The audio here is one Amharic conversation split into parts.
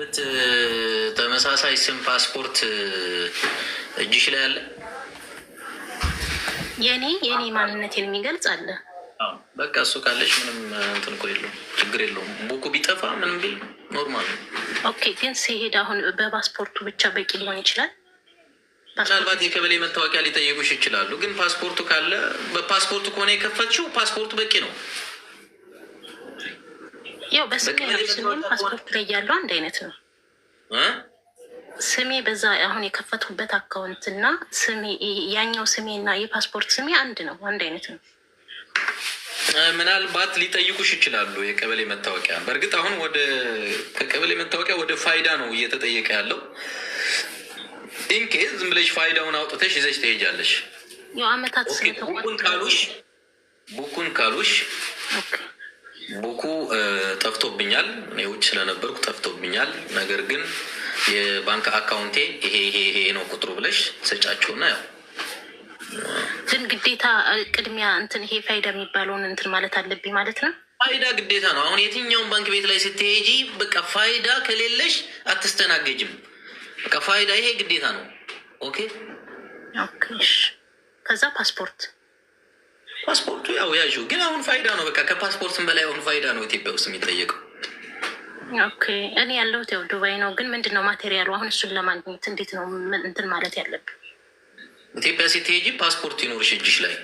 ያለበት ተመሳሳይ ስም ፓስፖርት እጅሽ ላይ አለ። የኔ የኔ ማንነቴን የሚገልጽ አለ። በቃ እሱ ካለች ምንም እንትን እኮ የለውም፣ ችግር የለውም። ቡኩ ቢጠፋ ምንም ቢል ኖርማል ነው። ኦኬ። ግን ሲሄድ አሁን በፓስፖርቱ ብቻ በቂ ሊሆን ይችላል። ምናልባት የቀበሌ መታወቂያ ሊጠየቁሽ ይችላሉ። ግን ፓስፖርቱ ካለ በፓስፖርቱ ከሆነ የከፈችው ፓስፖርቱ በቂ ነው። ያው በስሜ ስሜም ፓስፖርት ላይ ያለው አንድ አይነት ነው። ስሜ በዛ አሁን የከፈትኩበት አካውንት እና ስሜ ያኛው ስሜ እና የፓስፖርት ስሜ አንድ ነው፣ አንድ አይነት ነው። ምናልባት ሊጠይቁሽ ይችላሉ የቀበሌ መታወቂያ። በእርግጥ አሁን ወደ ከቀበሌ መታወቂያ ወደ ፋይዳ ነው እየተጠየቀ ያለው። ኢንኬዝ ዝም ብለሽ ፋይዳውን አውጥተሽ ይዘሽ ትሄጃለሽ። አመታት ቡኩን ካሉሽ ቡኩን ካሉሽ ቡኩ ጠፍቶብኛል፣ ውጭ ስለነበርኩ ጠፍቶብኛል። ነገር ግን የባንክ አካውንቴ ይሄ ይሄ ይሄ ነው ቁጥሩ ብለሽ ሰጫችሁና ያው ግን ግዴታ ቅድሚያ እንትን ይሄ ፋይዳ የሚባለውን እንትን ማለት አለብኝ ማለት ነው። ፋይዳ ግዴታ ነው። አሁን የትኛውን ባንክ ቤት ላይ ስትሄጂ በቃ ፋይዳ ከሌለሽ አትስተናገጅም። በቃ ፋይዳ ይሄ ግዴታ ነው። ኦኬ ኦኬ። ከዛ ፓስፖርት ፓስፖርቱ ያው ያዥ ግን አሁን ፋይዳ ነው። በቃ ከፓስፖርትም በላይ አሁን ፋይዳ ነው ኢትዮጵያ ውስጥ የሚጠየቀው። ኦኬ እኔ ያለሁት ያው ዱባይ ነው። ግን ምንድን ነው ማቴሪያሉ? አሁን እሱን ለማግኘት እንዴት ነው እንትን ማለት ያለብን? ኢትዮጵያ ስትሄጂ ፓስፖርት ይኖርሽ እጅሽ ላይ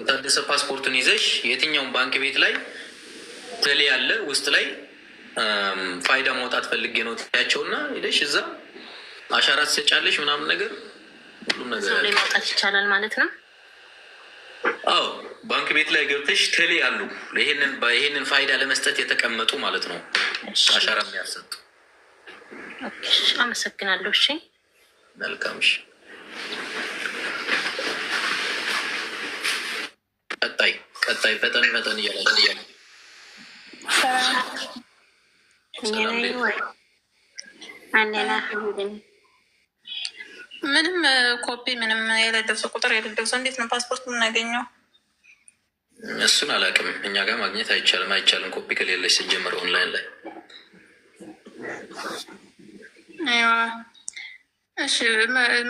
የታደሰ ፓስፖርቱን ይዘሽ የትኛውን ባንክ ቤት ላይ ቴሌ ያለ ውስጥ ላይ ፋይዳ መውጣት ፈልጌ ነው ትያቸውና ሄደሽ እዛ አሻራ ትሰጫለሽ ምናምን ነገር ሁሉም ነገር ማውጣት ይቻላል ማለት ነው። አዎ ባንክ ቤት ላይ ገብተሽ ቴሌ አሉ ይሄንን ፋይዳ ለመስጠት የተቀመጡ ማለት ነው። አሻራ የሚያሰጡ አመሰግናለሁ። እሺ፣ መልካም። እሺ፣ ቀጣይ ቀጣይ ፈጠን ፈጠን እያላለ ምንም ኮፒ ምንም የሌለው ቁጥር የሌለው እንዴት ነው ፓስፖርት የምናገኘው? እሱን አላውቅም። እኛ ጋር ማግኘት አይቻልም አይቻልም። ኮፒ ከሌለች ስጀምር ኦንላይን ላይ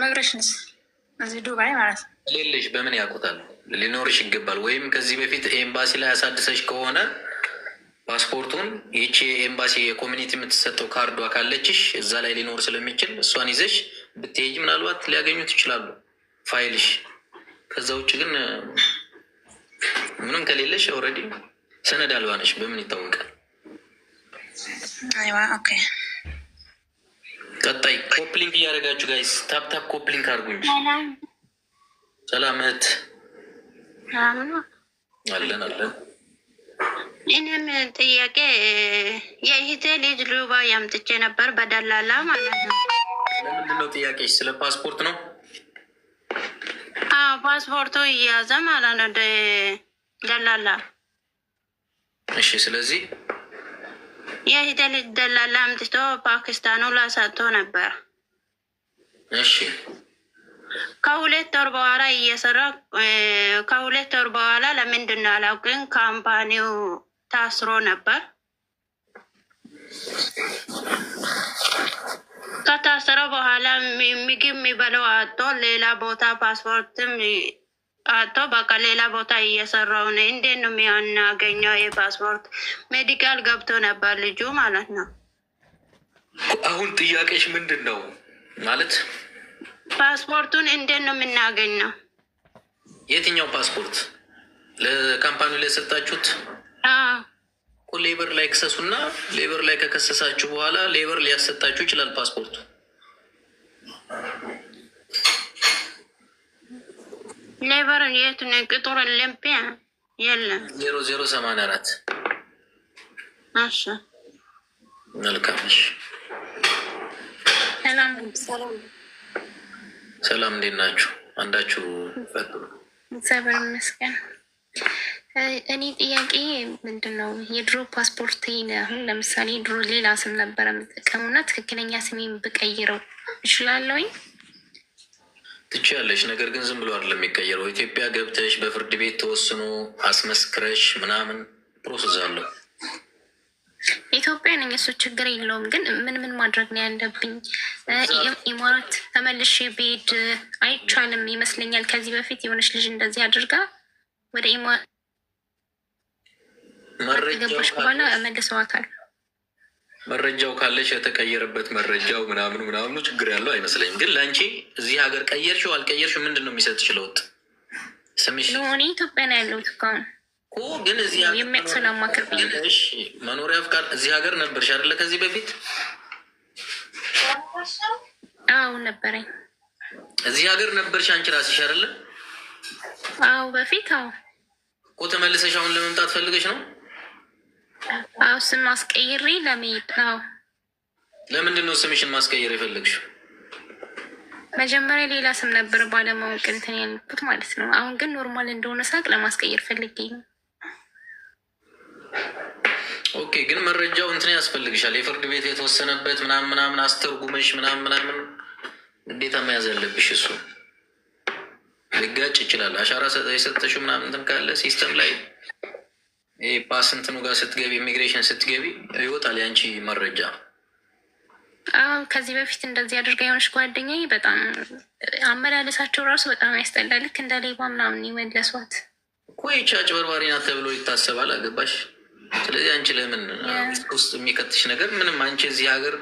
መግረሽንስ እዚህ ዱባይ ማለት ነው ሌለሽ በምን ያውቁታል? ሊኖርሽ ይገባል። ወይም ከዚህ በፊት ኤምባሲ ላይ አሳድሰሽ ከሆነ ፓስፖርቱን ይቺ ኤምባሲ የኮሚኒቲ የምትሰጠው ካርዷ ካለችሽ እዛ ላይ ሊኖር ስለሚችል እሷን ይዘሽ ብትሄጂ ምናልባት ሊያገኙት ይችላሉ ፋይልሽ። ከዛ ውጭ ግን ምንም ከሌለሽ ኦልሬዲ ሰነድ አልባ ነሽ። በምን ይታወቃል? ቀጣይ ኮፕሊንክ እያደረጋችሁ ጋይስ፣ ታፕታፕ ኮፕሊንክ አድርጉኝ። ሰላመት አለን አለን። እኔም ጥያቄ የእህቴ ልጅ ሉባ ያምጥቼ ነበር በደላላ ማለት ነው። ለምንድነው ጥያቄ? ስለ ፓስፖርት ነው ፓስፖርቱ እየያዘ ማለት ነው ደላላ። እሺ፣ ስለዚህ የሂደ ደላላ አምጥቶ ፓኪስታኑ ላሳቶ ነበር። እሺ፣ ከሁለት ወር በኋላ እየሰራ ከሁለት ወር በኋላ ለምንድን ነው አላውቅም፣ ካምፓኒው ታስሮ ነበር ከታሰ ምግብ የሚበለው አቶ ሌላ ቦታ ፓስፖርትም አቶ በቃ ሌላ ቦታ እየሰራው ነው። እንዴት ነው የሚያናገኘው? የፓስፖርት ሜዲካል ገብቶ ነበር ልጁ ማለት ነው። አሁን ጥያቄሽ ምንድን ነው ማለት ፓስፖርቱን እንዴት ነው የምናገኘው? የትኛው ፓስፖርት? ለካምፓኒ ላይ የሰጣችሁት ሌበር ላይ ክሰሱና ሌበር ላይ ከከሰሳችሁ በኋላ ሌበር ሊያሰጣችሁ ይችላል ፓስፖርቱ ሌበር የት ነው? ቅጥር ለምፒያ የለም። ዜሮ ዜሮ ሰማንያ አራት ሰላም ሰላም እንዴት ናችሁ? አንዳችሁ ፈጥሩ። እግዚአብሔር ይመስገን። እኔ ጥያቄ ምንድን ነው የድሮ ፓስፖርት አሁን ለምሳሌ ድሮ ሌላ ስም ነበረ የምጠቀሙና ትክክለኛ ስሜን ብቀይረው እችላለሁኝ? ትችያለሽ። ነገር ግን ዝም ብሎ አይደለም የሚቀየረው። ኢትዮጵያ ገብተሽ በፍርድ ቤት ተወስኖ አስመስክረሽ ምናምን ፕሮሰስ አለው። ኢትዮጵያ ነኝ እሱ ችግር የለውም። ግን ምን ምን ማድረግ ነው ያለብኝ? ኢማራት ተመልሼ ብሄድ አይቻልም ይመስለኛል። ከዚህ በፊት የሆነች ልጅ እንደዚህ አድርጋ ወደ ኢማራት ገባች በኋላ መልሰዋታል። መረጃው ካለሽ የተቀየረበት መረጃው ምናምኑ ምናምኑ ችግር ያለው አይመስለኝም። ግን ለአንቺ እዚህ ሀገር ቀየርሽው አልቀየርሽው ምንድን ነው የሚሰጥሽ ለውጥ? ስምሽ እኔ ኢትዮጵያ ነው ያለሁት እስካሁን እኮ ግን እዚህ መኖሪያ ፍቃድ እዚህ ሀገር ነበርሽ አይደለ? ከዚህ በፊት አዎ ነበረኝ። እዚህ ሀገር ነበርሽ አንቺ ራስሽ አይደለ? አዎ በፊት አዎ። እኮ ተመልሰሽ አሁን ለመምጣት ፈልገሽ ነው አዎ ስም አስቀይሬ ለመሄድ ነው። ለምንድን ነው ስምሽን ማስቀየር የፈለግሽው? መጀመሪያ ሌላ ስም ነበር ባለማወቅ እንትን ያልኩት ማለት ነው። አሁን ግን ኖርማል እንደሆነ ሳቅ ለማስቀየር ፈልጌ ነው። ኦኬ፣ ግን መረጃው እንትን ያስፈልግሻል። የፍርድ ቤት የተወሰነበት ምናምን ምናምን አስተርጉመሽ ምናምን ምናምን ግዴታ መያዝ ያለብሽ እሱ ሊጋጭ ይችላል። አሻራ የሰጠሽው ምናምን እንትን ካለ ሲስተም ላይ በስንትኑ ጋር ስትገቢ ኢሚግሬሽን ስትገቢ ይወጣል ያንቺ መረጃ። ከዚህ በፊት እንደዚህ አድርጋ የሆነች ጓደኛ በጣም አመላለሳቸው ራሱ በጣም ያስጠላል። ልክ እንደ ሌባ ምናምን የመለሷት እኮ ይህች አጭበርባሪ ናት ተብሎ ይታሰባል። አገባሽ? ስለዚህ አንቺ ለምን ውስጥ የሚከትሽ ነገር ምንም፣ አንቺ እዚህ ሀገር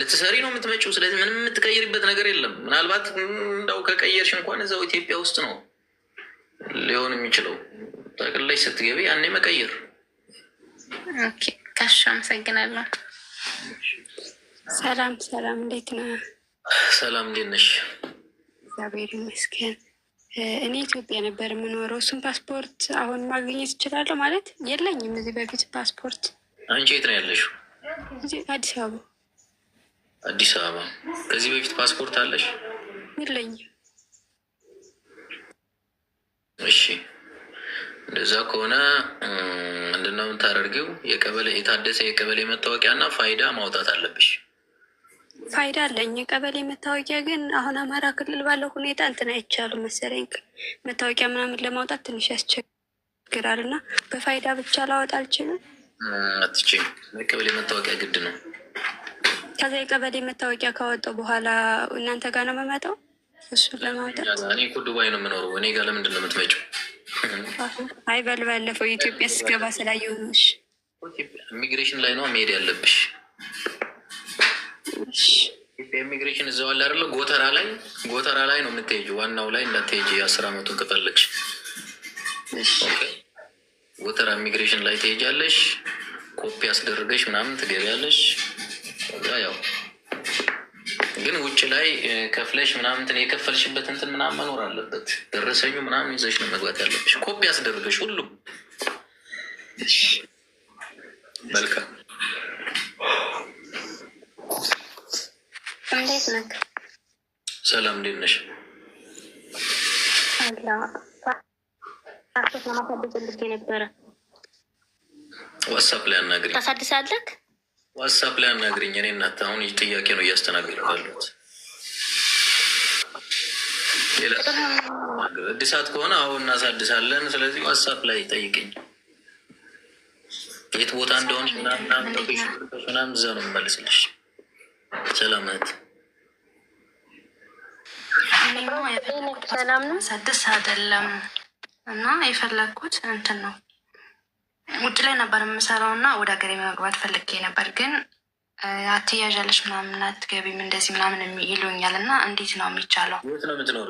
ልትሰሪ ነው የምትመጪው። ስለዚህ ምንም የምትቀይርበት ነገር የለም። ምናልባት እንዳው ከቀየርሽ እንኳን እዛው ኢትዮጵያ ውስጥ ነው ሊሆን የሚችለው። ላይ ስትገቢ ያኔ መቀየር። ከሻ አመሰግናለሁ። ሰላም ሰላም፣ እንዴት ነው? ሰላም እንዴት ነሽ? እግዚአብሔር ይመስገን። እኔ ኢትዮጵያ ነበር የምኖረው። እሱን ፓስፖርት አሁን ማግኘት እችላለሁ ማለት የለኝም። እዚህ በፊት ፓስፖርት። አንቺ የት ነው ያለሽው? አዲስ አበባ። አዲስ አበባ። ከዚህ በፊት ፓስፖርት አለሽ? የለኝም። እሺ እንደዛ ከሆነ ምንድነው የምታደርጊው? የቀበሌ የታደሰ የቀበሌ መታወቂያ እና ፋይዳ ማውጣት አለብሽ። ፋይዳ አለኝ። የቀበሌ መታወቂያ ግን አሁን አማራ ክልል ባለው ሁኔታ እንትን አይቻልም መሰለኝ። መታወቂያ ምናምን ለማውጣት ትንሽ ያስቸግራል እና በፋይዳ ብቻ ላወጣ አልችልም። አትች የቀበሌ መታወቂያ ግድ ነው። ከዛ የቀበሌ መታወቂያ ካወጣው በኋላ እናንተ ጋር ነው የምመጣው እሱን ለማውጣት። እኔ እኮ ዱባይ ነው የምኖረው። እኔ ጋር ለምንድን ነው የምትመጪው? አይ በል ባለፈው የኢትዮጵያ ስገባ ስላየሆነሽ ኢሚግሬሽን ላይ ነው መሄድ ያለብሽ። ኢትዮጵያ ኢሚግሬሽን እዛው አለ አይደለ? ጎተራ ላይ ጎተራ ላይ ነው የምትሄጂ። ዋናው ላይ እንዳትሄጂ አስር አመቱን ከፈለግሽ ጎተራ ኢሚግሬሽን ላይ ትሄጃለሽ። ኮፒ አስደርገሽ ምናምን ትገቢያለሽ። ያው ግን ውጭ ላይ ከፍለሽ ምናምንትን የከፈልሽበት እንትን ምናምን መኖር አለበት። ደረሰኙ ምናምን ይዘሽ ነው መግባት ያለብሽ። ኮፒ ያስደርገሽ ሁሉም። መልካም እንዴት ነህ? ሰላም እንዴት ነሽ? ፓስፖርት ለማሳደስ ነበረ። ዋትሳፕ ላይ አናግሪኝ። ታሳድሳለህ? ዋትሳፕ ላይ አናግሪኝ። እኔ እናት አሁን ጥያቄ ነው እያስተናገድ ባለት እድሳት ከሆነ አሁን እናሳድሳለን። ስለዚህ ዋትሳፕ ላይ ጠይቅኝ። የት ቦታ እንደሆን ምናምን እዛ ነው የምመልስልሽ። ሰላም ናት። ሰላም ነው። ሳድስ አይደለም እና የፈለግኩት እንትን ነው ውጭ ላይ ነበር የምሰራው እና ወደ ሀገር መግባት ፈልጌ ነበር ግን አትያዣለሽ ምናምን አትገቢም እንደዚህ ምናምን ይሉኛል እና እንዴት ነው የሚቻለው? የት ነው የምትኖሩ?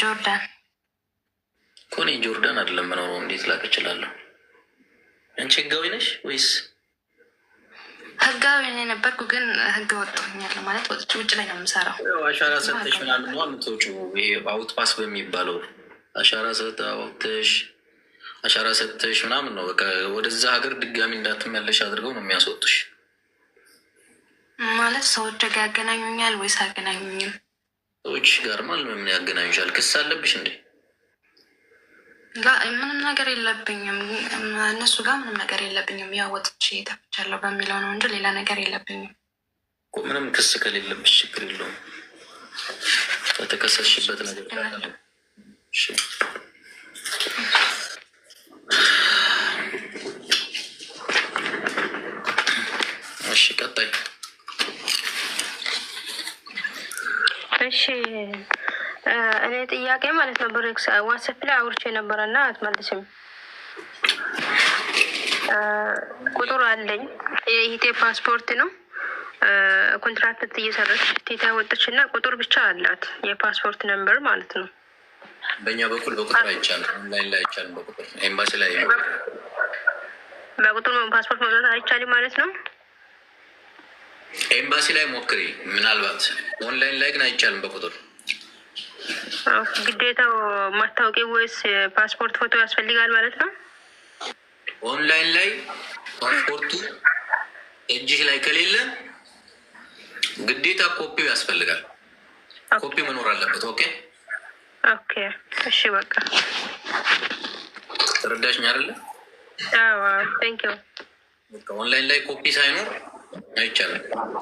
ጆርዳን እኮ እኔ ጆርዳን አይደለም መኖሩ። እንዴት ላቅ እችላለሁ? አንቺ ህጋዊ ነሽ ወይስ? ህጋዊ ነው የነበርኩ ግን ህገ ወጥ ማለት ማለት ውጭ ላይ ነው የምሰራው። አሻራ ሰተሽ ምናምን ነው የምትወጪው። ይሄ አውት ፓስ በሚባለው አሻራ ሰተ አውጥተሽ አሻራ ሰጥተሽ ምናምን ነው በቃ ወደዛ ሀገር ድጋሚ እንዳትመለሽ አድርገው ነው የሚያስወጡሽ። ማለት ሰዎች ጋር ያገናኙኛል ወይስ አያገናኙኝም? ሰዎች ጋር ማለት ምን ያገናኙሻል? ክስ አለብሽ እንዴ? ምንም ነገር የለብኝም። እነሱ ጋር ምንም ነገር የለብኝም። ያው ወጥቼ ተፍቻለሁ በሚለው ነው እንጂ ሌላ ነገር የለብኝም። ምንም ክስ ከሌለብሽ ችግር የለውም። ከተከሰስሽበት ነገር እሺ ቀጣይ። እሺ እኔ ጥያቄ ማለት ነው ብሬክስ ዋትስአፕ ላይ አውርቼ ነበረ እና አትመልስም። ቁጥር አለኝ የኢቴ ፓስፖርት ነው ኮንትራክት እየሰራች ቴታ ወጥች እና ቁጥር ብቻ አላት የፓስፖርት ነምበር ማለት ነው። በእኛ በኩል በቁጥር አይቻልም፣ ኦንላይን ላይ አይቻልም። በቁጥር ኤምባሲ ላይ በቁጥር ፓስፖርት መብዛት አይቻልም ማለት ነው። ኤምባሲ ላይ ሞክሪ። ምናልባት ኦንላይን ላይ ግን አይቻልም በቁጥር ግዴታው ማስታወቂያ ወይስ ፓስፖርት ፎቶ ያስፈልጋል ማለት ነው። ኦንላይን ላይ ፓስፖርቱ እጅህ ላይ ከሌለ ግዴታ ኮፒው ያስፈልጋል። ኮፒ መኖር አለበት። ኦኬ ኦኬ። እሺ በቃ ተረዳሽኝ አይደለ? ቴንክ ዩ። ኦንላይን ላይ ኮፒ ሳይኖር አይቻልም።